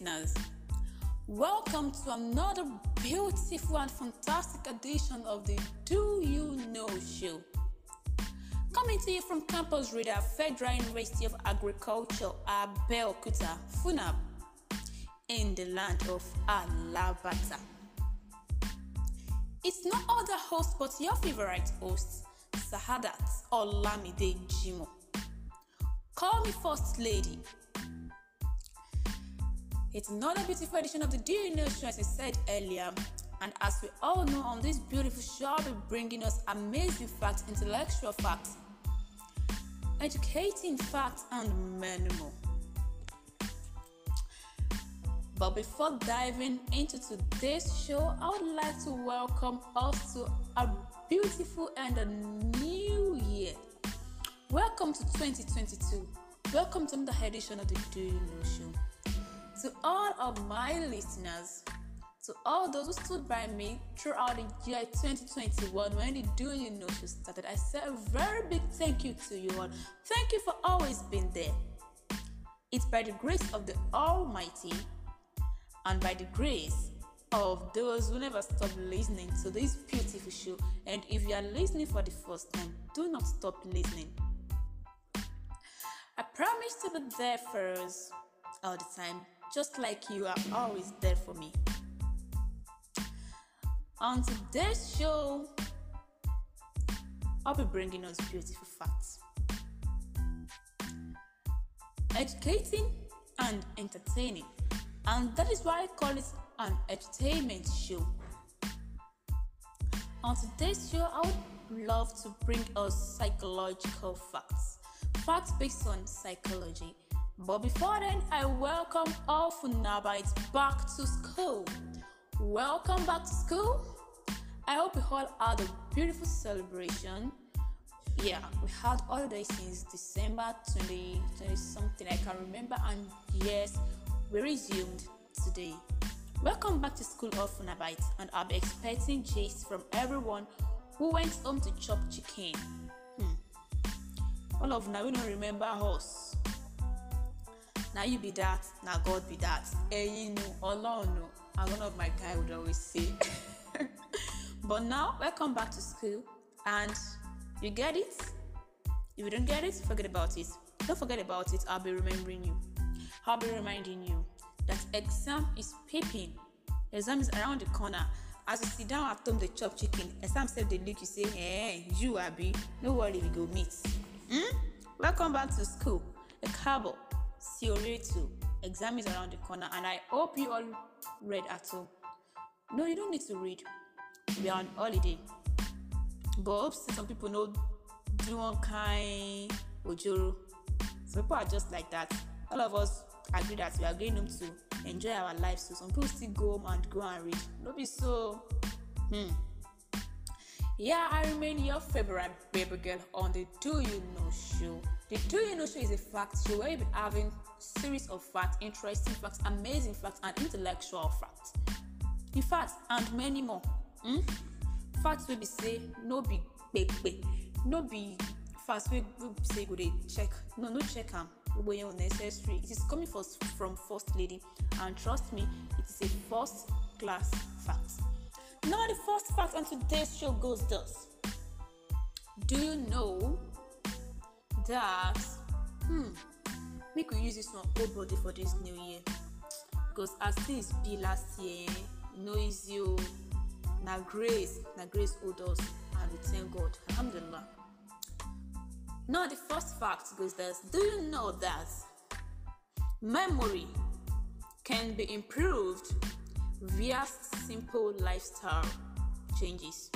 listeners. Welcome to another beautiful and fantastic edition of the Do You Know Show. Coming to you from Campus Reader, Federal University of Agriculture, Abeokuta, Funab, in the land of Alabata. It's not other host but your favorite host, Sahadat Olamide Jimo. Call me First Lady it's another beautiful edition of the Do You Know Show, as we said earlier. And as we all know, on this beautiful show, I'll be bringing us amazing facts, intellectual facts, educating facts, and many more. But before diving into today's show, I would like to welcome us to a beautiful and a new year. Welcome to 2022. Welcome to the edition of the Do You Know Show. To all of my listeners, to all those who stood by me throughout the year 2021 when the Do You Know Show started, I say a very big thank you to you all. Thank you for always being there. It's by the grace of the Almighty and by the grace of those who never stop listening to this beautiful show. And if you are listening for the first time, do not stop listening. I promise to be there for us all the time just like you are always there for me. On today's show, I'll be bringing us beautiful facts, educating and entertaining, and that is why I call it an entertainment show. On today's show, I would love to bring us psychological facts, facts based on psychology but before then, I welcome all Funabites back to school. Welcome back to school. I hope you all had a beautiful celebration. Yeah, we had holiday since December twenty twenty 20 something, I can remember. And yes, we resumed today. Welcome back to School all Funabites, and I'll be expecting gist from everyone who went home to chop chicken. Hmm. All of now, we don't remember us. na you be that na god be that ẹ̀yin nu ọlọ́run nu and one of my guy would always say but now welcome back to school and you get it if you don't get it forget about it don't forget about it i'll be remembering you i'll be reminding you that exam is peeping exam is around the corner as you sit down at home dey chop chicken exam sef dey look you say eh you abi no worry we go meet. Hmm? welcome back to school A káàbọ̀ see you later. Exam is around the corner, and I hope you all read at home. No, you don't need to read. We are on holiday. But obviously, some people know do one kind ojoro. Some people are just like that. All of us agree that we are going home to enjoy our lives. So some people still go home and go and read. No be so. Hmm. Yeah, I remain your favorite baby girl on the Do You Know show. The Know show is a fact show where will be having series of facts, interesting facts, amazing facts, and intellectual facts. In fact, and many more. Hmm? Facts will be say no be big. no be fast we will say good. day. check. No, no check them. Way unnecessary. It is coming for, from first lady, and trust me, it is a first class fact. Now the first fact on today's show goes thus. Do you know That hmm make we use this one whole body for this new year because as things be last year no easy o oh, na grace na grace hold us and we thank god alhamdulillah now the first fact goes this do you know that memory can be improved via simple lifestyle changes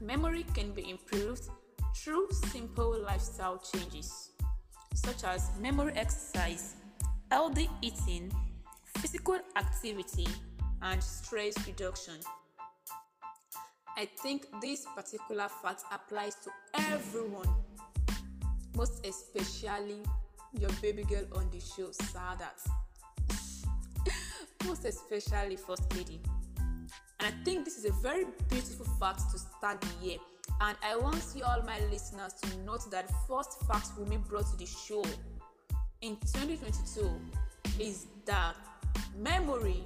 memory can be improved through simple lifestyle changes such as memory exercise, healthy eating, physical activity, and stress reduction. I think this particular fact applies to everyone, most especially your baby girl on the show, Sadat. most especially First Lady. And I think this is a very beautiful fact to start the year and I want you all my listeners to note that first facts will be brought to the show in 2022 is that memory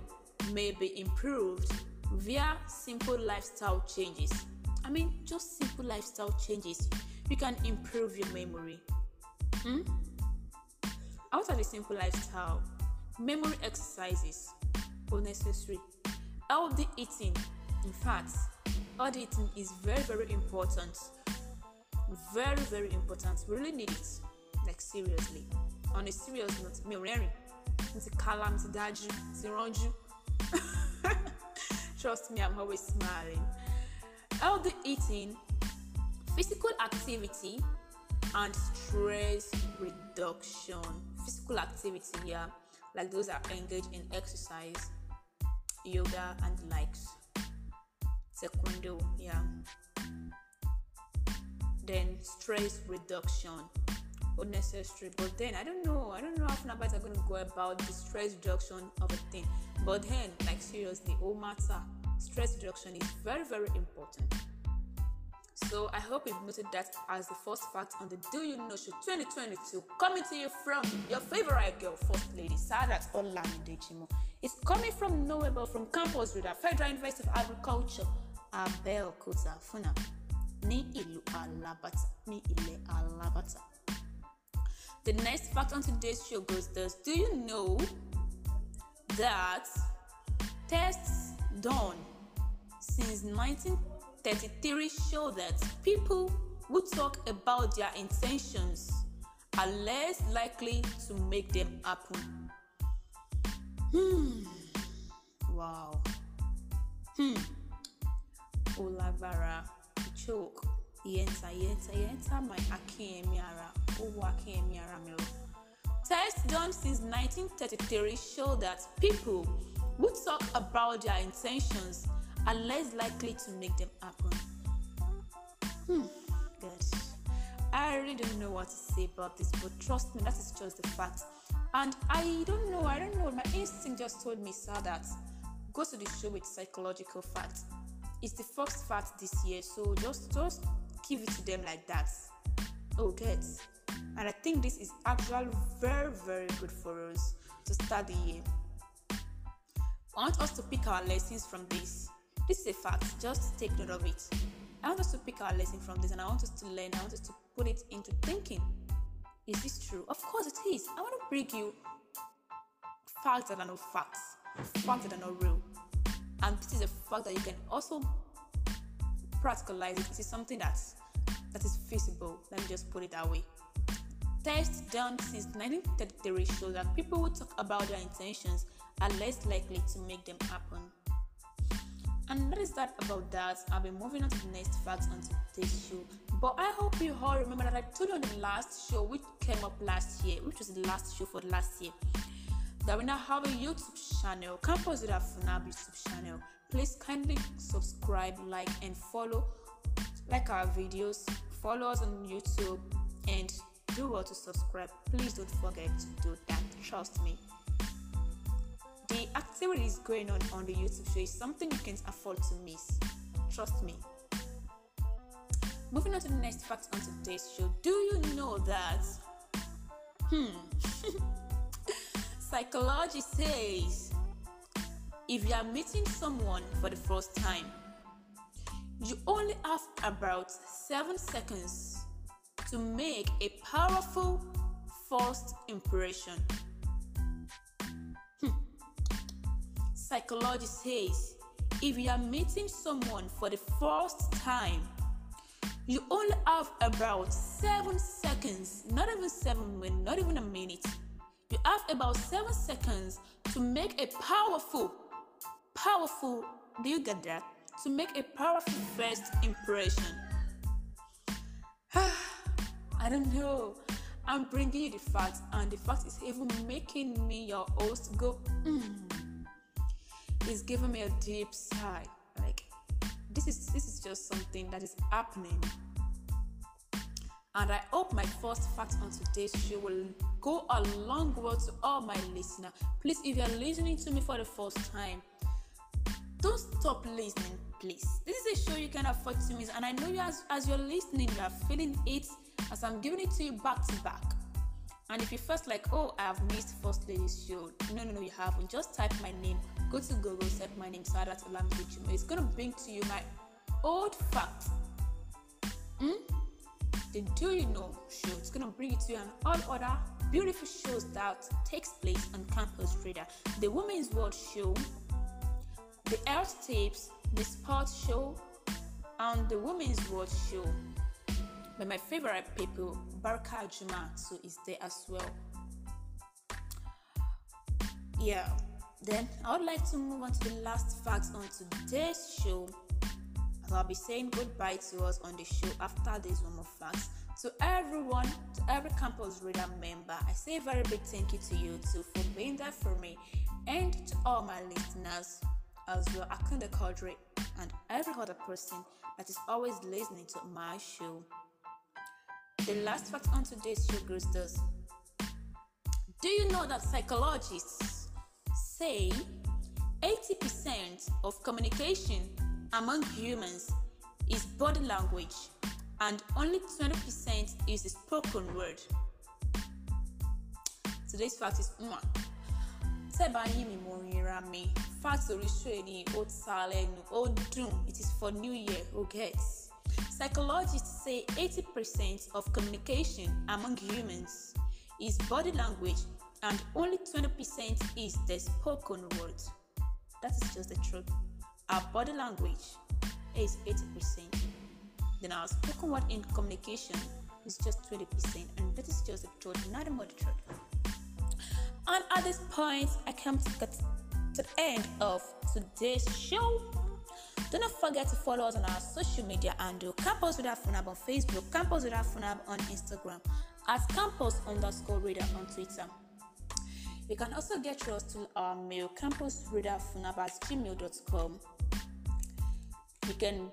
may be improved via simple lifestyle changes. I mean, just simple lifestyle changes. You can improve your memory. Hmm? Out of the simple lifestyle, memory exercises, unnecessary, healthy eating, in fact, auditing is very, very important. Very, very important. We really need it. Like, seriously. On a serious note, Me ò rẹ́rìn. kálá, dájú, mi ránjú. Trust me, I'm always smiling. Healthy eating, physical activity, and stress reduction. Physical activity, yeah, like those that engage in exercise, yoga, and likes taekwondo yeah then stress reduction unnecessary but then i don't know i don't know how fanabas are going to go about the stress reduction of a thing but then like seriously all oh matter stress reduction is very very important so i hope you've noted that as the first fact on the do you know show 2022 coming to you from your favorite girl first lady Sarah olamide jimo it's coming from nowhere but from campus with reader federal university of agriculture Abẹ́òkúta FUNAB ní ìlú Alábàtà ní ilẹ̀ Alábàtà. The next fact on today's show goes thus. Do you know that tests done since 1933 show that people who talk about their intentions are less likely to make them happen. Hmm. Wow. Hmm. Olagbara, Choke, Yenta, Yenta, Yenta, my Akiyemiara, Owo Akiyemiara Miro. Tests done since 1933 show that people who talk about their intentions are less likely to make them happen. Hmm, good. I really don't know what to say about this, but trust me, that is just the fact. And I don't know, I don't know. My instinct just told me, sir, that go to the show with psychological facts it's the first fat this year, so just just give it to them like that. Oh, get. And I think this is actually very very good for us to start the year. I want us to pick our lessons from this. This is a fact. Just take note of it. I want us to pick our lesson from this, and I want us to learn. I want us to put it into thinking. Is this true? Of course it is. I want to bring you facts that are not facts, facts that are not real. And this is a fact that you can also practicalize it. It is something that's that is feasible. Let me just put it that way. Tests done since 1933 show that people who talk about their intentions are less likely to make them happen. And that is that about that. I'll be moving on to the next fact on today's show. But I hope you all remember that I told you on the last show, which came up last year, which was the last show for last year, that we now have a YouTube channel, Campus with Funab YouTube channel. Please kindly subscribe, like, and follow. Like our videos, follow us on YouTube, and do well to subscribe. Please don't forget to do that. Trust me. The activities going on on the YouTube show is something you can't afford to miss. Trust me. Moving on to the next fact on today's show. Do you know that? Hmm. Psychology says if you are meeting someone for the first time, you only have about 7 seconds to make a powerful first impression. Hmm. Psychology says if you are meeting someone for the first time, you only have about 7 seconds, not even 7 minutes, not even a minute you have about seven seconds to make a powerful, powerful, do you get that? To make a powerful first impression. I don't know. I'm bringing you the facts, and the fact is even making me your host go, mm. It's giving me a deep sigh. Like, this is this is just something that is happening and I hope my first fact on today's show will go a long way to all my listeners. Please, if you are listening to me for the first time, don't stop listening, please. This is a show you can afford to miss, and I know you as, as you're listening, you are feeling it as I'm giving it to you back to back. And if you first like, oh, I have missed First Lady's show, no, no, no, you haven't. Just type my name, go to Google, type my name, so that's a language. It's gonna bring to you my old facts. Hmm? then do you know show It's going to bring you to an all other beautiful shows that takes place on campus radar the women's world show the health tips the sports show and the women's world show but my favorite people baraka juma so is there as well yeah then i would like to move on to the last fact on today's show who will be saying goodbye to us on the show after this one of facts. To everyone, to every campus reader member, I say a very big thank you to you too for being there for me and to all my listeners as well, Akunda Kodri and every other person that is always listening to my show. The last fact on today's show goes this. Do you know that psychologists say 80% of communication among humans is body language, and only 20% is the spoken word. Today's fact is one. Mm, Tẹ́bà mi mo rinra fact ó ó dùn, it is for new year, who gets? Psychologists say 80% of communication among humans is body language and only 20% is the spoken word. That is just the truth. Our body language is 80%. Then our spoken word in communication is just 20%. And that is just a truth, not a mother truth. And at this point, I come to, to the end of today's show. Do not forget to follow us on our social media and do Campus Without Funab on Facebook, Campus Without Funab on Instagram, at Campus underscore Reader on Twitter. You can also get yours to our mail, campusreaderfunab at gmail.com you can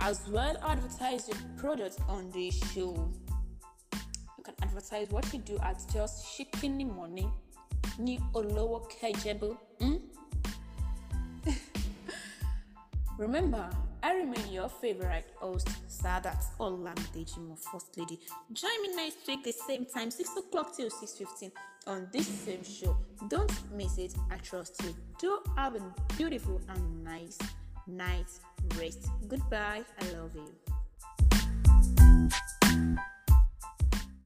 as well advertise your product on the show. You can advertise what you do as just the money, ni olowo kejebo. Hmm? Remember, I remain your favorite host, Sadat Olamidejimo, First Lady. Join me next week, the same time, 6 o'clock till 6.15 on this same show. Don't miss it, I trust you. Do have a beautiful and nice night rest. Goodbye. I love you.